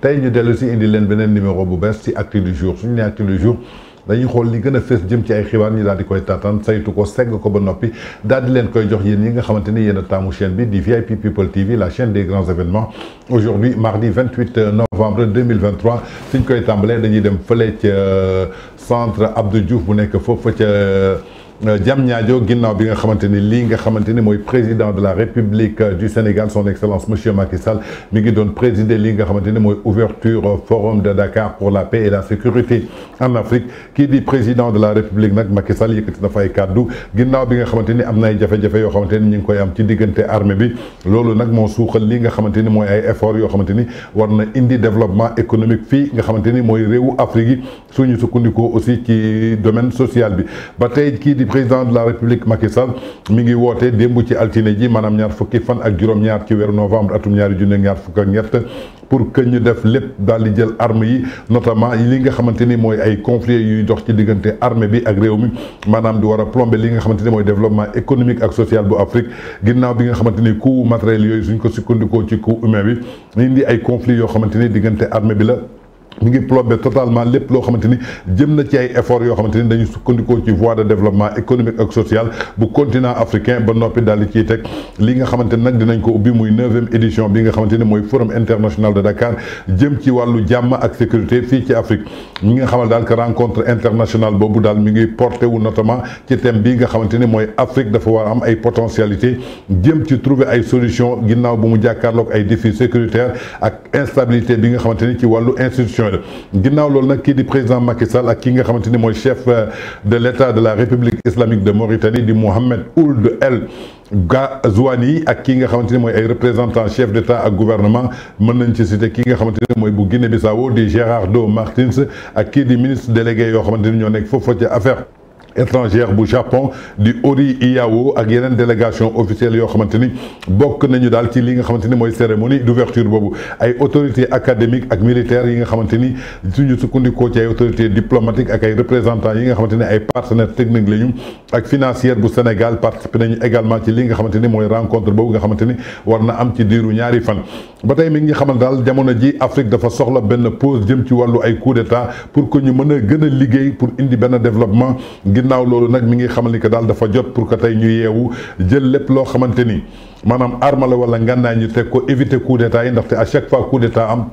tay ñu délu ci indi leen beneen numéro bu bees ci du jour suñu acte du jour dañuy xool li gën a fës jëm ci ay xibaar ñu daal di koy taataan saytu ko segg ko ba noppi daal di leen koy jox yéen ñi nga xamante ni yéen a taamu chaîne bi di VIP People TV la chaîne des grands événements aujourd'hui mardi 28 novembre 2023 suñ koy tàmbalee dañuy dem fële ca euh, centre Abdou Diouf bu nekk foofu ca euh, euh, Diamniadio Ginnaw bi nga xamanteni li nga xamanteni moy président de la République euh, du Sénégal son excellence monsieur Macky Sall mi ngi done présider li nga xamanteni moy ouverture euh, forum de Dakar pour la paix et la sécurité en Afrique qui dit président de la République nag Macky Sall yëkëti na fay cadeau ginnaw bi nga xamanteni ni am na ay jafé jafe yoo xamante koy am ci digënté armée bi loolu nag mo suxal li nga xamanteni moy ay effort yo xamanteni ni war na indi développement économique fi, nga xamanteni moy mooy réewu Afrique suñu aussi ci domaine social bi ba tay dit président de la république Macky Sall mi ngi woote démb ci altiné ji manam ñaar fukki fan ak juroom ñaar ci wér novembre atum ñaar junne ñaar fukk ak ñett pour que ñu def lépp dal di jël armes yi notamment li nga xamante moy ay conflits yu dox ci diggante armée bi ak réew mi maanaam di wara plomber li nga xamante moy développement économique ak social bu Afrique ginnaw bi nga xamante ni coût matériel yoy suñ ko sukkandikoo ci coût humain bi indi ay conflits yo xamante ni armée bi la ñu ngi plombé totalement lépp loo xamante ni jëm na ci ay efforts yoo xamante ni dañu sukkandikoo ci voie de développement économique ak social bu continent africain ba noppi daal di ciy teg li nga xamante nag dinañ ko ubbi muy neuvième édition bi nga xamante ni mooy forum international de Dakar jëm ci wàllu jàmm ak sécurité fii ci Afrique ñi nga xamal daal que rencontre internationale boobu daal mi ngi porté wu notamment ci thème bi nga xamante ni mooy Afrique dafa war am ay potentialité jëm ci trouver ay solution ginnaaw bu mu jàkkaarloog ay défis sécuritaires ak instabilité bi nga xamante ni ci wàllu institution constitutionnel ginnaaw loolu nag kii di président Macky Sall ak ki nga chef euh, de l'État de la république islamique de Mauritanie du Mohamed Ould El Ghazouani ak ki nga xamante ni mooy représentant chef d'État, à gouvernement Mon nañ ci citer ki nga xamante ni bu Bissau di Gérardo Martins ak qui di ministre délégué au xamante ni ñoo nekk faut faire affaire étrangère bu Japon di Ori Iyawo ak yeneen délégation officielle yoo xamante ni bokk nañu daal ci li nga cérémonie d'ouverture bobu ay autorités académiques ak militaires yi nga xamante ni suñu du ci ay autorités diplomatiques ak ay représentants yi nga xamante ay partenaires techniques lañu ak financière bu Sénégal participé nañu également ci li nga xamante rencontre bobu nga xamante ni war na am ci diiru ñaari fan. ba tey mi ngi xamal daal jamono ji Afrique dafa pause jëm ci wàllu ay coup d'état pour que ñu mën a gën liggéey pour indi benn développement. ginnaaw loolu nag mi ngi xamal ni que daal dafa jot pour que tey ñu yeewu jël lépp loo xamante ni maanaam arme la wala ngànnaay ñu teg ko éviter coup d'état yi ndaxte a chaque fois coup d'état am.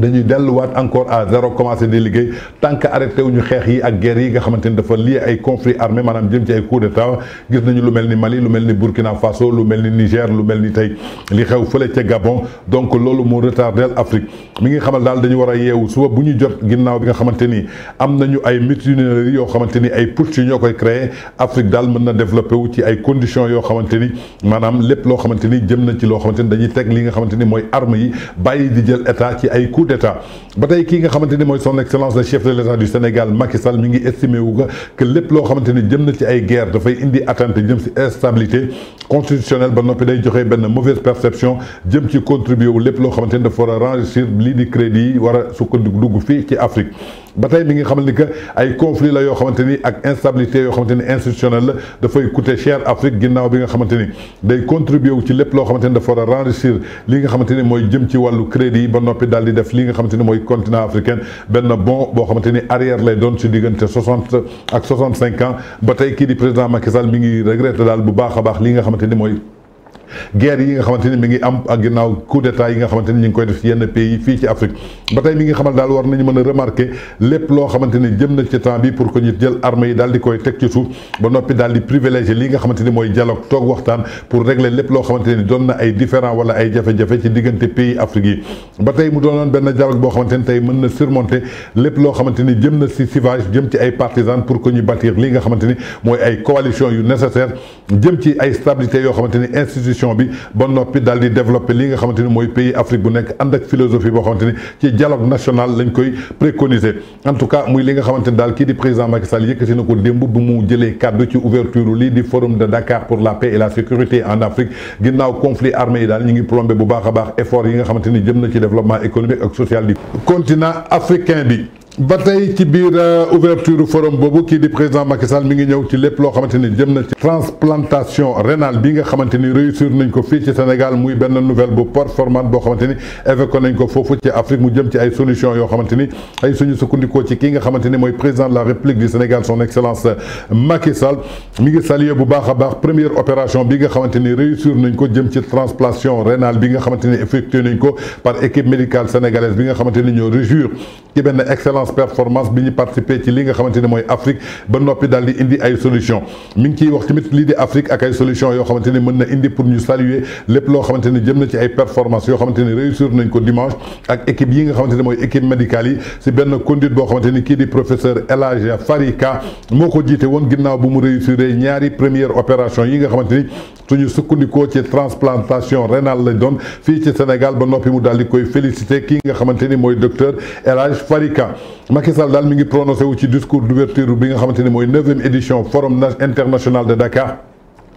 dañuy wat encore à zéro commencé di liguey tank arrêté wuñu xex yi ak guerre yi nga xamanteni dafa lié ay conflit armé manam jëm ci ay coup d'état gis nañu lu melni Mali lu melni Burkina Faso lu melni Niger lu melni tay li xew feulé ci Gabon donc lolu mo retardel Afrique mi ngi xamal dal dañu wara yewu suba buñu jot ginnaw bi nga xamanteni am nañu ay mutineries yo xamanteni ay putsch yi créer Afrique dal mëna développer wu ci ay conditions yo xamanteni manam lépp lo xamanteni jëm na ci lo xamanteni dañuy tek li nga xamanteni moy arme yi bàyyi di jël état ci ay coup d' état ba tey kii nga xamante ni mooy son excellence le chef de l' du Sénégal Macky Sall mi ngi estimé wu nga que lépp loo xamante ni jëm na ci ay guerre dafay indi atteinte jëm si instabilité constitutionnelle ba noppi day joxe benn mauvaise perception jëm ci contribué wu lépp loo xamante ni dafa war a enrichir lii di crédit yi war a sukkandiku dugg fii ci Afrique. ba tey mi ngi xamal ni que ay conflit la yoo xamante ni ak instabilité yoo xamante ni institutionnelle la dafay coûter cher Afrique ginnaaw bi nga xamante ni day contribuer wu ci lépp loo xamante ni dafa war a enrichir li nga xamante ni mooy jëm ci wàllu crédit ba noppi daal di def li nga xamante ni mooy continent africain benn bon boo xamante ni arrière lay doon si diggante soixante ak soixante cinq ans ba tey kii di président Macky mi ngi regretter daal bu baax a baax li xamante ni mooy. guerre yi nga xamante mi ngi am ak ginnaaw coup d'état yi nga xamante ni ngi koy def yenn pays fii ci Afrique ba tey mi ngi xamal daal war nañu mën a remarquer lépp loo xamante ni jëm na ci temps ni mooy dialogue toog waxtaan pour régler lépp loo xamante ni doon na ay différend wala ay jafe-jafe ci diggante pays Afrique yi na surmonter lépp loo xamante ni jëm na si clivage jëm ci ay partisans pour que ñu bâtir li nga xamante mooy ay coalition yu nécessaire jëm ci ay stabilité yoo xamante institution constitution bi ba nopi dal di développer li nga xamanteni moy pays Afrique bu nek and ak philosophie boo xamante ci dialogue national lañ koy préconiser en tout cas muy li nga xamanteni dal ki di président Macky Sall yëkkati na ko démb bu mu jëlé kàddu ci ouverture li di forum de Dakar pour la paix et la sécurité en Afrique ginnaw conflit armé yi daal ñu ngi plombé bu baaxa baax effort yi nga xamanteni jëm na ci développement économique ak social du continent africain bi ba tey ci biir euh, ouverture forum Bobu qui dit président Macky Sall mi ngi ñew ci lepp lo xamanteni na ci transplantation rénale bi nga xamanteni réussir nañ ko fi ci Sénégal muy benn nouvelle bu performante bo xamanteni ni évoqué nañ ko fofu ci Afrique mu jëm ci ay solution yo xamanteni ay suñu sukkandikoo ci ki nga xamanteni moy président de la République du Sénégal son excellence euh, Macky Sall mi ngi saluer bu baax baax première opération bi nga xamanteni réussir nañ ko jëm ci transplantation rénale bi nga xamanteni effectué nañ ko par équipe médicale sénégalaise bi nga xamanteni ñoo réjouir ci benn excellence performance performance bi ñu participer ci li nga xamanteni moy Afrique ba nopi daal di indi ay solution mi ngi ciy wax tamit li di Afrique ak ay solution yo xamanteni mëna indi pour ñu saluer les lo xamanteni jëm na ci ay performance yo xamanteni réussir nañ ko dimanche ak équipe yi nga xamanteni moy équipe médicale yi ci ben conduite bo xamanteni ki di professeur Elage Farika moko jité won ginnaw bu mu réussir ñaari première opération yi nga xamanteni ni suñu sukkandikoo ci transplantation rénale la doon fii ci Sénégal ba noppi mu daal di koy féliciter ki nga xamanteni ni mooy docteur El Farika Macky Sall daal mi ngi prononcé wu ci discours d'ouverture bi nga xamante ni mooy neuvième édition forum international de Dakar.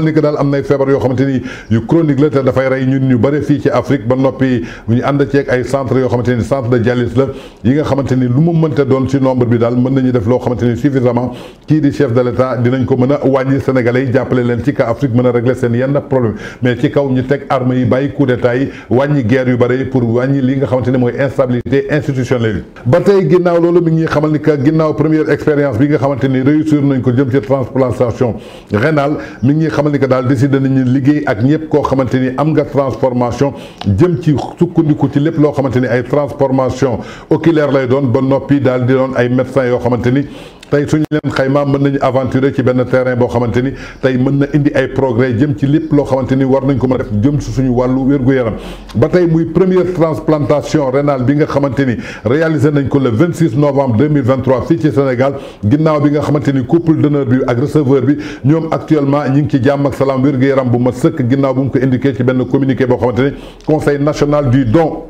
xamal ni que daal am nay feebar yoo xamante ni yu chronique la te dafay rey ñun ñu bëri fii ci Afrique ba noppi ñu ànd ceeg ay centre yoo xamante ni centre de dialyse la yi nga xamante ni lu mu mënte doon ci nombre bi daal mën nañu def loo xamante ni suffisamment kii di chef de l'État dinañ ko mën a wàññi Sénégalais yi jàppale leen ci ka Afrique mën a régler seen yenn problème mais ci kaw ñu teg armes yi bàyyi coup d'état yi wàññi guerre yu bëri pour wàññi li nga xamante ni mooy instabilité institutionnelle yi ba tey ginnaaw loolu mi ngi xamal ni que ginnaaw première expérience bi nga xamante ni réussir nañ ko jëm ci transplantation rénale mi ngi xamal ni que daal décidé nañu liggéey ak ñëpp koo xamante ni am nga transformation jëm ci ku ci lépp loo xamante ni ay transformation oculaire lay doon ba noppi daal di doon ay médecins yoo xamante ni. tay suñu leen xayma mën nañu aventurer ci benn terrain boo xamante ni tey mën na indi ay progrès jëm ci lépp loo xamante ni war nañ ko mën def jëm si suñu wàllu wér yaram ba tey muy première transplantation rénale bi nga xamante ni réalisé nañ ko le 26 novembre 2023 fii ci Sénégal ginnaaw bi nga xamante ni couple donneur bi ak receveur bi ñoom actuellement ñi ngi ci jàmm ak salaam wér yaram bu ma sëkk ginnaaw bu mu ko indiqué ci benn communiqué boo xamante ni conseil national du don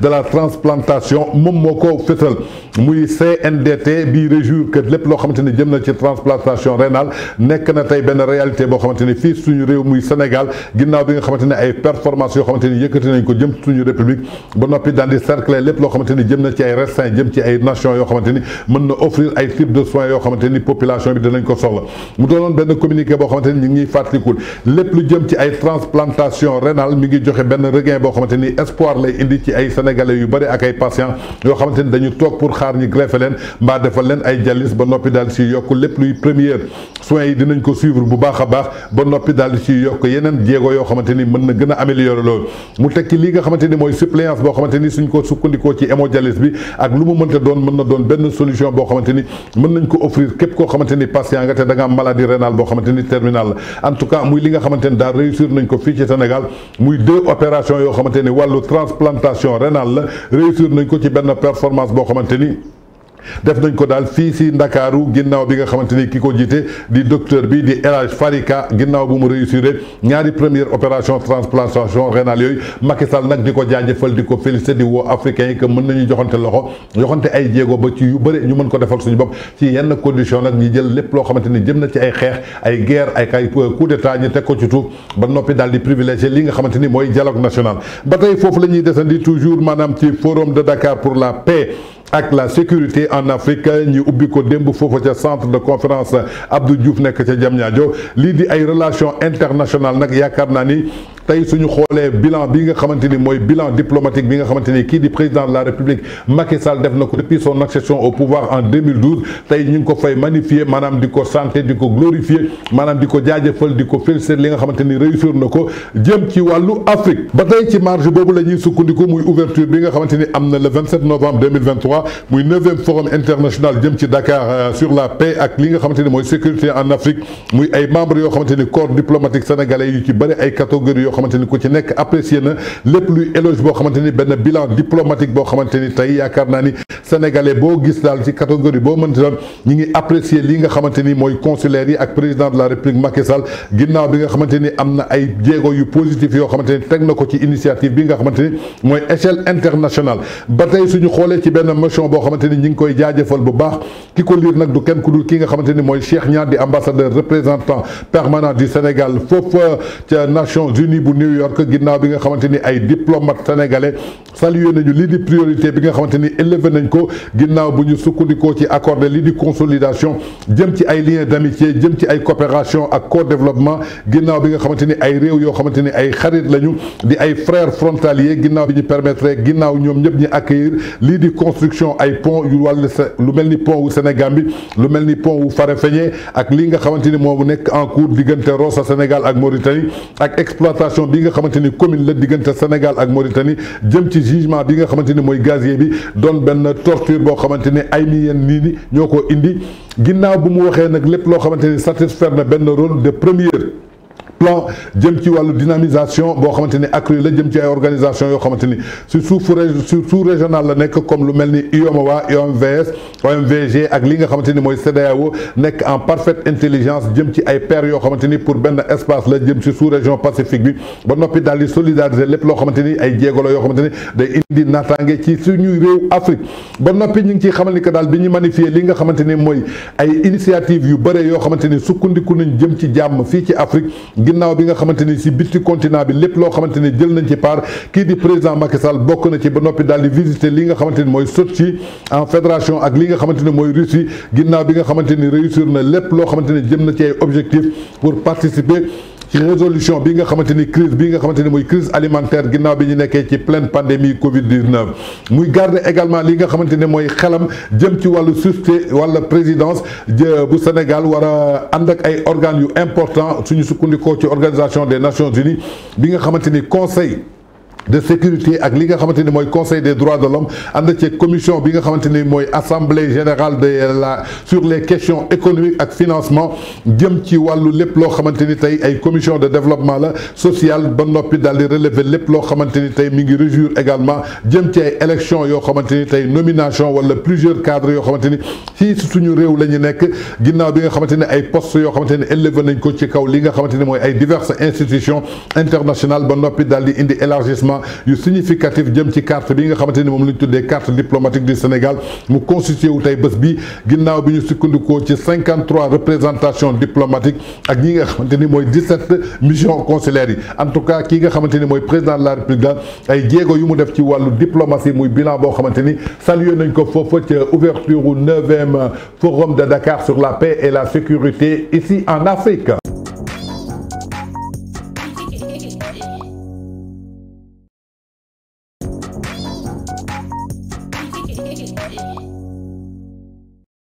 de la transplantation moom moo ko muy CNDT bi réjour que lepp lo xamanteni ni jëm na ci transplantation rénale nek na tay ben réalité bo xamanteni fi suñu réew muy Sénégal ginnaw bi nga xamanteni ay performances yo xamanteni yëkëti nañ ko jëm suñu république ba nopi daal di cercler lépp loo xamante ni jëm na ci ay restants jëm ci ay nations yo xamanteni ni mën na offrir ay types de soins yo xamanteni population bi dinañ ko soxla mu doonoon ben communiqué bo xamanteni ni ñu ngi fàttalikul lépp lu jëm ci ay transplantation rénale mi ngi joxe ben regain bo xamanteni espoir lay indi ci ay ay sénégalais yu bari ak ay patients yo xamante dañu tok pour xaar ñi greffer leen mbaa defal len ay dialyse ba noppi daal si yokk lépp luy première soins dinañ ko suivre bu baax a baax ba noppi dal ci ciy yokk yeneen jéego yoo xamante mën na gëna améliorer lool mu tekki li nga xamanteni moy suppléance bo xamanteni suñ ko sukkandikoo ci hémodialyse bi ak lu mu mënta doon mën na doon benn solution bo xamanteni ni mën nañ ko offrir képp ko xamanteni ni patient nga te da nga am maladie rénale bo xamanteni terminal en tout cas muy li nga xamanteni da réussir nañ ko fi ci Sénégal muy deux opérations yo xamanteni walu transplantation rénale la réussir nañ ko ci benn performance bo xamanteni def nañ ko dal fi ci ndakaaru ginnaw bi nga xamanteni kiko jité di docteur bi di elage Farika ginnaw bu mu réussir ñaari première opération transplantation rénale yooyu Macky Sall nak diko ko diko féliciter di wo africain yi que mën nañu joxante loxo joxante ay djégo ba ci yu bëri ñu mën ko defal suñu bopp ci yenn condition nak ñi jël lepp lo xamanteni jëm na ci ay xeex ay guerre ay kay coup d'état ñi teg ko ci tuuf ba nopi dal di privilégier li nga xamanteni moy dialogue national ba tey foofu la ñuy toujours manam ci forum de Dakar pour la paix avec la sécurité en Afrique nous avons ko démb centre de conférence Abdou Diouf nekk ca Diamniadio relations internationales avec Yakarnani, nous ni le bilan bi bilan diplomatique bi nga le président de la République Macky Sall depuis son accession au pouvoir en 2012 tay ñu ko fay magnifier manam diko santé diko glorifier manam diko ko diko di féliciter li nga xamanteni réussir na jëm ci walu Afrique ba tay ci marge la ñuy muy ouverture bi nga xamanteni amna le 27 novembre 2023. 2023 muy neuvième forum international jëm ci Dakar euh, sur la paix ak li nga xamante ni sécurité en Afrique muy ay membres yoo xamante corps diplomatique sénégalais qui ci bëri ay catégories yoo xamante ni ci nekk apprécié na lépp luy éloge boo xamante ni bilan diplomatique boo xamante ni tey yaakaar ni sénégalais beau gis daal ci catégorie boo mënti ñi ngi apprécier li nga xamante ni consulaire yi ak président de la république Macky Sall ginnaaw bi nga xamante ni am ay jéego yu positif yo xamante ni teg ci initiative bi nga xamante ni échelle internationale ba tey suñu xoolee ci benn émotion boo xamante ni koy jaajeufal bu baax kiko lire nak du kenn ku dul ki nga xamanteni moy Cheikh ñaar di ambassadeur représentant permanent du Sénégal fof euh, ci Nations Unies bu New York ginnaw bi nga xamanteni ay diplomate sénégalais salué nañu li di priorité bi nga xamanteni ni élevé nañ ko ginnaw bu ñu sukkandikoo ci accordé li di consolidation jëm ci ay liens d'amitié jëm ci ay coopération ak co-développement ginnaw bi nga xamanteni ay réew yo xamanteni ay xarit lañu di ay frères frontaliers ginnaw bi ñu permettre ginnaw ñom ñëpp ñi accueillir li di construction construction ay pont yu wàll lu melni pont wu bi lu melni pont wu Farafeñe ak li nga xamante mo nek en cours diggante Rosso Sénégal ak Mauritanie ak exploitation bi nga xamante commune la diggante Sénégal ak Mauritanie jëm ci jugement bi nga xamante moy gazier bi don ben torture bo xamante ay ni yenn ni ñoko indi ginnaw bu mu waxé nak lepp lo xamante satisfaire na rôle de première plan jëm ci wàllu dynamisation boo xamante ni accru la jëm ci ay organisation yoo xamante ni si sous sous régional la nekk comme lu mel ni UEMOA UMVS OMVG ak li nga xamante ni mooy CEDEAO nekk en parfaite intelligence jëm ci ay paires yoo xamante ni pour benn espace la jëm ci sous région Pacifique bi ba noppi daal solidariser lépp loo xamante ni ay jéego la yoo xamante ni day indi naataange ci suñuy réew Afrique ba noppi ñu ngi ciy xamal ni que daal bi ñu magnifier li nga xamante ni ay initiative yu bëre yoo xamante ni sukkandiku nañ jëm ci jàmm fii ci Afrique. ginnaaw bi nga xamante ni si biti continent bi lépp loo xamante ni jël nañ ci part kii di président Macky bokk na ci ba noppi daal di visiter li nga xamante ni mooy Sotchi en fédération ak li nga xamante ni mooy Russie ginnaaw bi nga xamante ni réussir na lépp loo xamante ni jëm na ci ay objectifs pour participer. résolution bi nga xamanteni crise bi nga xamanteni moy crise alimentaire ginnaw bi ñu nekké ci pleine pandémie Covid 19. muy garder également li nga xamanteni moy xelam jëm ci walu société wala présidence bu Sénégal wara and ak ay organes yu important suñu sukkandikoo ci organisation des Nations Unies bi nga xamanteni conseil de sécurité ak li nga xamanteni moy conseil des droits de l'homme ànd ci commission bi nga xamanteni moy assemblée générale de la sur les questions économiques ak financement jëm ci walu lepp lo xamanteni tay ay commission de développement la social ba nopi dal di relever lepp lo xamanteni tay tey mi ngi également jëm ci ay élections yo xamanteni tay nomination wala plusieurs cadres yo xamanteni ni suñu réew lañu nek ginnaw bi nga xamanteni ay postes yo xamanteni élevé nañ ko ci kaw li nga xamanteni moy ay diverses institutions internationales ba nopi dal di indi élargissement le significatif de ci carte bi nga la carte diplomatique du Sénégal mu constitué wu tay diplomatiques, bi ginnaw biñu ci 53 représentations diplomatiques, ak missions consulaires en tout cas le nga xamanteni président de la République ay djégo yu mu def ci walu diplomatie muy bilan bo xamanteni salué nañ ko forum de Dakar sur la paix et la sécurité ici en Afrique